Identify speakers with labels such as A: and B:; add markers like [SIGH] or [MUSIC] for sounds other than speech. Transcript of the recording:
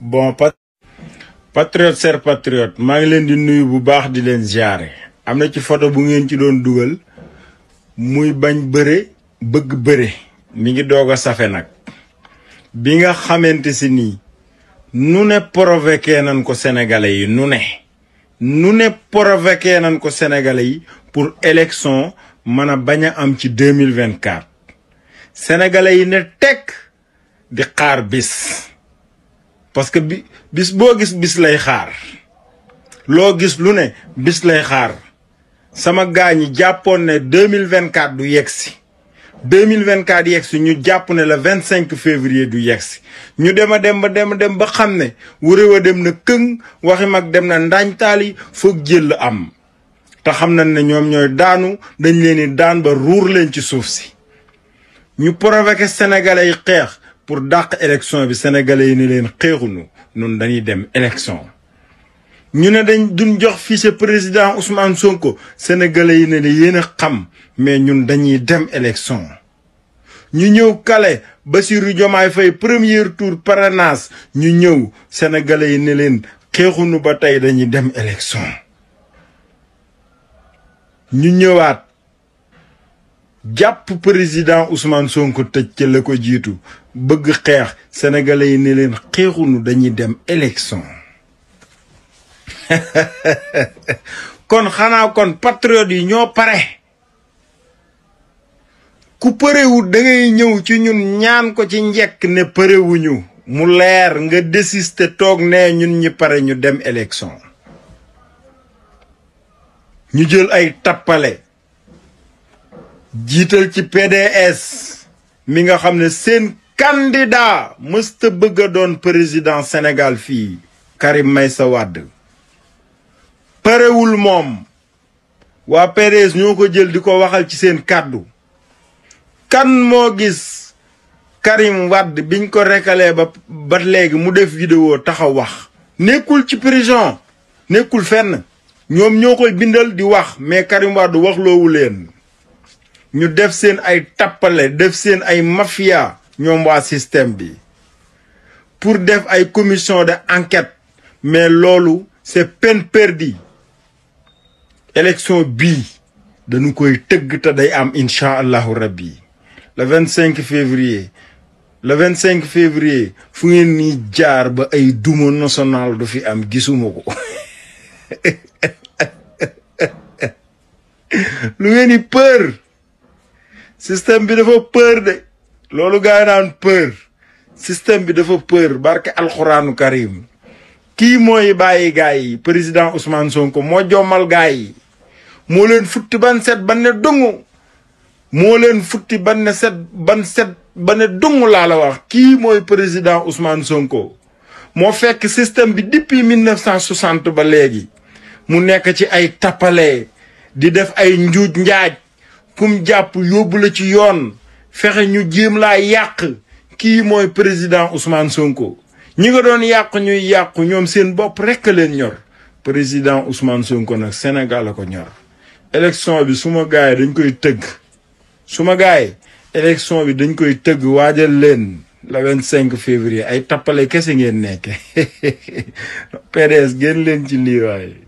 A: bon patriote ser patriote maa ngi leen di nuyu bu baax di leen ziare am na ci photo bu ngeen ci doon dugal muy bañ bëre bëgg bëre mi ngi doog a safe nag bi nga xamante si nii nu ne provoqué nañ ko sénégalais yi nu ne nu ne provoqué nañ ko senegale yi pour élection mën a bañ a am ci 2024 sénégalais yi ne tek di xaar bis parce que bi bis boo gis bis lay xaar loo gis lu ne bis lay xaar sama gaa ñi jàppoon ne 2024 du yegsi 2024 yegsi ñu jàpp ne le 25 février du yegsi ñu dem a dem ba dem dem ba xam ne wuréw a dem na këng waxi mag dem na ndaañtaali foog jël am te xam na ne ñoom ñooy daanu dañ leen di daan ba ruur leen ci suuf si ñu provoqué sénégalais yi xeex pour dàq élection bi sénégalais yi ne leen xeexunu nun dañuy dem élection ñu ne dañ duñ jox fiche président Ousmane Sonko sénégalais yi ne ne yéen a xam mais ñun dañuy dem élection ñu ñëw kale Bassirou Diomaye Faye premier tour parrainage ñu ñëw sénégalais yi ne leen xeexunu ba tey dañuy dem élection ñu ñëwaat jàpp président Ousmane Sonko tëj ca la ko jiitu bëgg xeex sénégalais yi ne leen xeexunu dañuy dem élection [LAUGHS] kon xanaa kon patriote yi ñoo pare ku përewut da ñëw ci ñun ñaan ko ci njekk ne përewuñu mu leer nga désiste toog ne ñun ñi pare ñu dem élection ñu jël ay tappale jiital ci PDS mi nga xam ne seen candidat mësta bëgg a doon président Sénégal fii Karim Meïssa wàdd parewul moom waa PDS ñoo ko jël di ko waxal ci seen kàddu kan moo gis Karim Wade biñ ko rekalee ba ba léegi mu def vidéo taxaw wax nekkul ci prison nekkul fenn ñoom ñoo koy bindal di wax mais Karim Wade waxloowu leen ñu def seen ay tappale def seen ay mafia ñoom waa système bi pour def ay commission de enquête mais loolu c'est peine perdue élection bi dañu koy tëgg te day am incha allahu rabbi le vingt cinq février le vingt cinq février fu ngeen ni jaar ba ay dumo national du fi am gisuma ko [LAUGHS] lu ngeen ni système bi dafa peur de loolu gars yi naan système bi dafa peur barke alxuraanu karim kii mooy bàyyi gars yi président Ousmane Sonko moo jommal gars yi moo leen futti ban set ban ne dungu moo ba ne dungu laa wax kii mooy président Ousmane Sonko moo fekk système bi depuis 1960 ba léegi mu nekk ci ay tappale di def ay njuuj njaaj kum jàpp yóbbu la ci yoon fexe ñu jéem laa yàq kii mooy président Ousmane Sonko ñi nga doon yàq ñuy yàqu ñoom seen bopp rekk leen ñor président Ousmane Sonko nag Sénégal la ko ñor élection bi suma gaay dañ koy tëgg suma gaay élection bi dañ koy tëgg waajal leen le 25 février ay tappale kese ngeen nekk [LAUGHS] PDS génn leen ci lii waaye